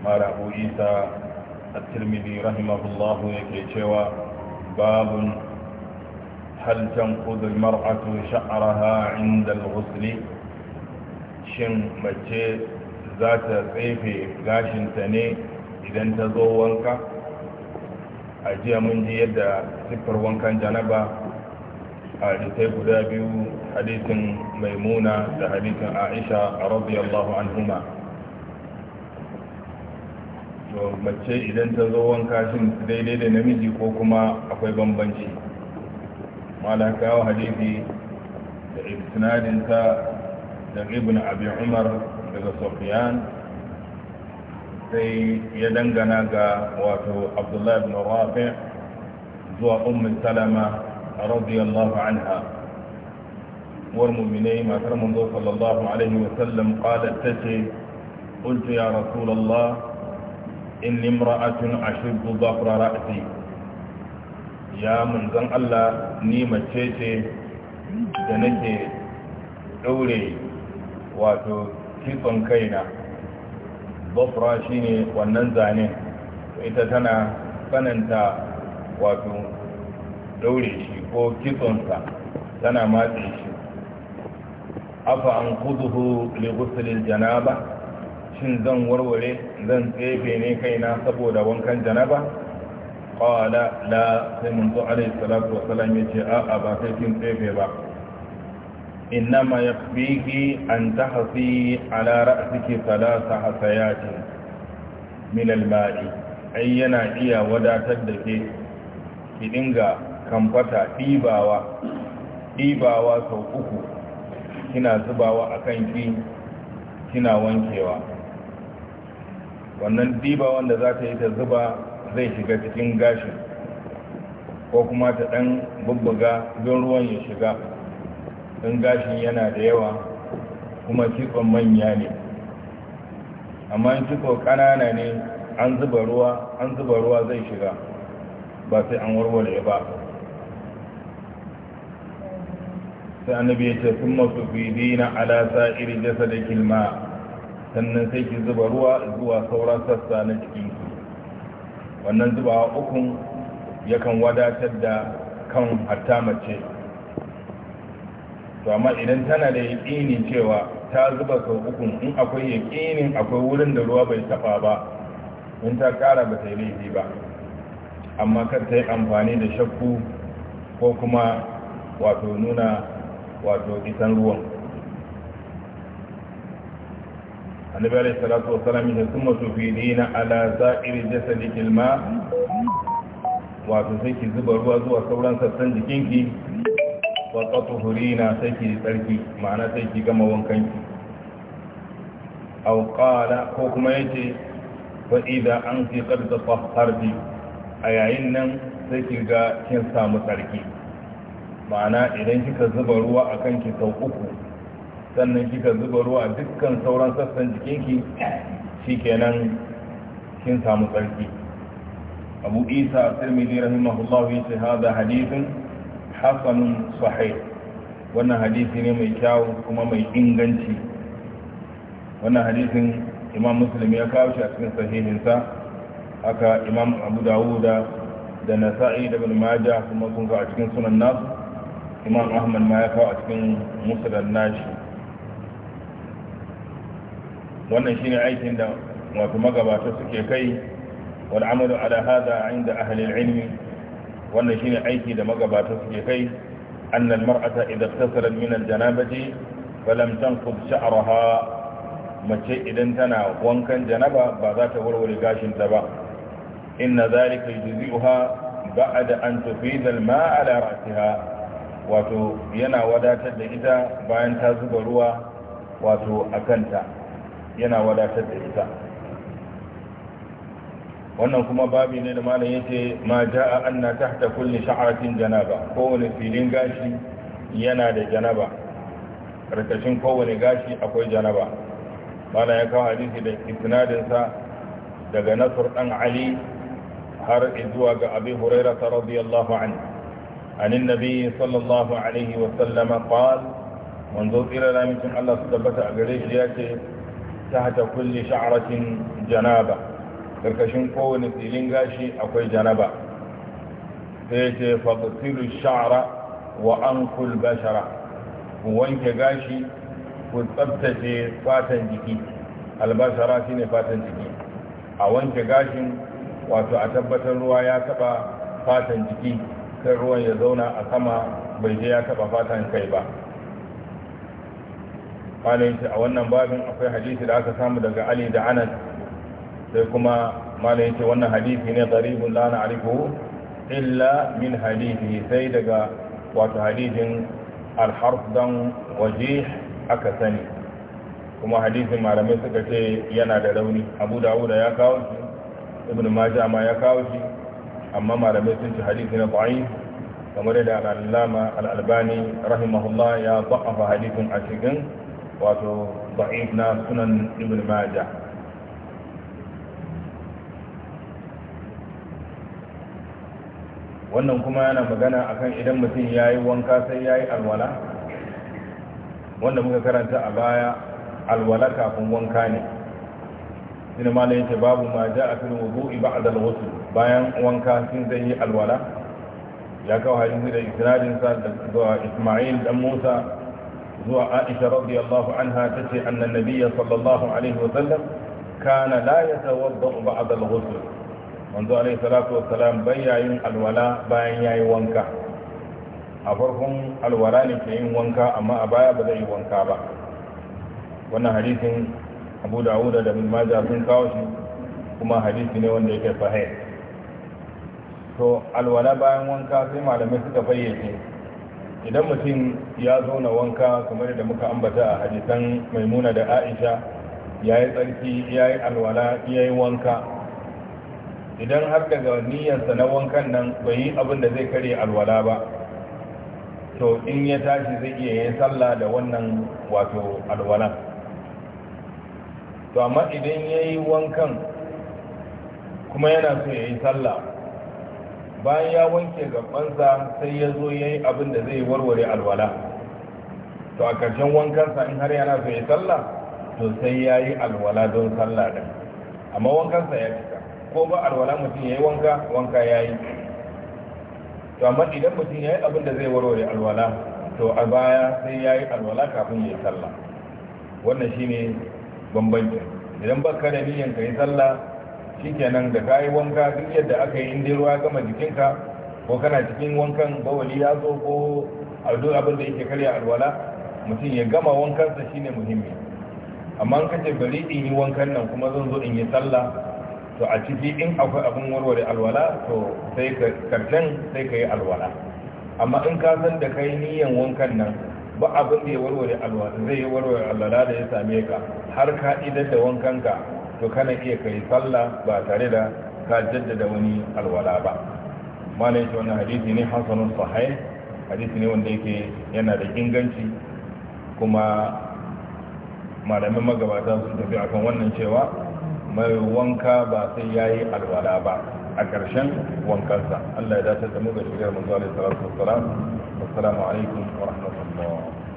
mara abu isa at-tirmidhi rahimahullahu yake cewa babun hal tanqudu al-mar'atu sha'raha 'inda al shin mace za ta tsefe gashinta ne idan ta zo wanka a jiya mun ji yadda siffar wankan janaba a jitai guda biyu hadisin maimuna da hadisin aisha a radiyallahu anhuma to mace idan ta zo wanka shin daidai da namiji ko kuma akwai bambanci mala kawo hadisi da isnadinsa da ibn abi umar daga sufyan sai ya dangana ga wato abdullahi ibn rafi zuwa ummu salama radiyallahu anha war mu'minai matar manzo sallallahu alaihi wa sallam qalat tace قلت يا رسول الله inni imra'atun ashuddu dhafra ra'si ya munzan Allah ni mace ce da nake daure wato kitson kaina dhafra shine wannan zane ita tana tsananta wato daure shi ko kitsonsa tana matse shi afa an kuduhu li ghusl janaba shin zan warware zan tsefe ne kaina saboda wankan janaba qala la sai zo alaihi salatu wasalam yace a'a ba sai kin tsefe ba innama yakfiki an tahsi ala ra'siki thalatha hasayatin min al-ma'i ai yana iya wadatar da ke ki dinga kamfata dibawa dibawa sau uku kina zubawa akan ki kina wankewa wannan diba wanda za ta yi ta zuba zai shiga cikin gashin ko kuma ta ɗan bubbuga don ruwan ya shiga don gashin yana da yawa kuma kitson manya ne amma kiko ƙanana ne an zuba ruwa an zuba ruwa zai shiga ba sai an warware ba sai annabi ya ce sun masu fi dina ala sa'iri jasa da kilma sannan sai ki zuba ruwa zuwa sauran sassa na jikinki wannan zuba ukun yakan wadatar da kan hatta mace to amma idan tana da yaƙini cewa ta zuba sau ukun in akwai yaƙinin akwai wurin da ruwa bai tafa ba in ta ƙara ba ta yi laifi ba amma kar ta yi amfani da shakku ko kuma wato nuna wato isan ruwan annabi alayhi salatu wasallam ya summa dina ala za'iri jasadiki Wa wato sai ki zuba ruwa zuwa sauran sassan jikinki wa tatuhurina sai ki tsarki ma'ana sai ki gama wankan ki aw qala ko kuma yace fa idza anti qad tatahharti a yayin nan sai ki ga kin samu tsarki ma'ana idan kika zuba ruwa akan ki sau uku sannan kika zuba ruwa dukkan sauran sassan jikinki shikenan kin samu tsarki abu isa tirmidhi rahimahullah ya hada hadithun hasanun sahih wannan hadisi ne mai kyau kuma mai inganci wannan hadisin imam muslim ya kawo shi a cikin sahihinsa haka imam abu dawuda da nasa'i da ibn majah kuma sun a cikin sunan nasu imam ahmad ma ya kawo a cikin musulun nashi wannan shine aikin da wato magabata suke kai wal amalu ala hada inda ahli ilmi wannan shine aiki da magabata suke kai anna al mar'ata idha ightasalat min al janabati falam tanqud sha'raha mace idan tana wankan janaba ba za ta warware gashin ta ba inna zalika yujzi'uha ba'da an tufida al ma'a ala ra'siha wato yana wadatar da ita bayan ta zuba ruwa wato ta. yana wadatar da ita wannan kuma babi ne da malam yace ma jaa anna tahta kulli sha'ratin janaba kowane filin gashi yana da janaba karkashin kowane gashi akwai janaba malam ya kawo hadisi da isnadin sa daga Nasr dan Ali har zuwa ga Abi Hurairah radiyallahu anhu عن النبي صلى الله عليه وسلم قال منذ إلى لا يمكن الله سبحانه وتعالى tahta kulle sha'ratin janaba karkashin kowane filin gashi akwai janaba sai ce faqtilu sha'ra wa anqul bashara ku wanke gashi ku tsabtace fatan jiki albashara shine fatan jiki a wanke gashin wato a tabbatar ruwa ya taba fatan jiki kan ruwan ya zauna a sama bai je ya taba fatan kai ba malayin ce a wannan babin akwai hadisi da aka samu daga ali da anas sai kuma malayin ce wannan hadisi ne garibin lana arifu illa min hadisi sai daga wata hadisin dan waje aka sani kuma hadisin malamai suka ce yana da rauni abu dawuda ya kawo ibn majah ma ya kawo shi amma malamai sun ci hadisi na ba'i kamar yadda al'alama al'albani rahimahullah ya ba'afa hadisin a cikin wato ba'if na sunan ibn majah wannan kuma yana magana akan idan mutum ya yi wanka sai ya yi alwala wanda muka karanta a baya alwala kafin wanka ne sinu ma yake babu ma ja a filin wuzu a wasu bayan wanka sun zai yi alwala ya kawo hadisi da isnadinsa da ismail dan musa zuwa Aisha radiyallahu anha tace anna nabiyya sallallahu alaihi wasallam kana la yatawadda ba'da al-ghusl manzo alaihi salatu wassalam bayyayin alwala bayan yayi wanka a farkon alwala ne ke yin wanka amma a baya ba zai yi wanka ba wannan hadisin Abu Dawud da Ibn sun kawo shi kuma hadisi ne wanda yake sahih to alwala bayan wanka sai malamai suka fayyace idan mutum ya zo na wanka kamar da muka ambata a hadisan maimuna da aisha ya yi tsarki ya yi alwala ya yi wanka idan har daga niyyarsa na wankan nan bai yi abin da zai kare alwala ba to in ya tashi zai iya yin sallah da wannan wato alwala to amma idan ya yi wankan kuma yana so ya yi sallah bayan ya wanke gabansa sai ya zo ya yi abin da zai warware alwala to a ƙarshen wankansa in har yana so ya sallah to sai ya yi alwala don sallah ɗin amma wankansa ya cika ko ba alwala mutum ya yi wanka wanka ya yi to amma idan mutum ya yi abin da zai warware alwala to a baya sai ya yi alwala kafin ya yi sallah wannan shine bambancin idan ba ka da niyyar ka yi sallah shikenan da kayi wanka duk yadda aka yi inda ruwa gama jikinka ko kana cikin wankan bawali ya zo ko a duk abin da yake karya alwala mutum ya gama wankansa shine muhimmi amma an kace bari in yi wankan nan kuma zan zo in yi sallah to a ciki in akwai abin warware alwala to sai ka karshen sai ka yi alwala amma in ka san da kai niyan wankan nan ba abin da ya warware alwala zai yi warware alwala da ya same ka har ka idar da wankanka to kana iya kai sallah ba tare da ka jaddada wani alwala ba malai shi wannan hadisi ne hasanun sahai hadisi ne wanda yake yana da inganci kuma malamin magabata sun tafi akan wannan cewa mai wanka ba sai ya yi alwala ba a ƙarshen wankansa Allah ya dace da mu ga shigar manzo alaihi salatu wassalam assalamu alaikum wa rahmatullah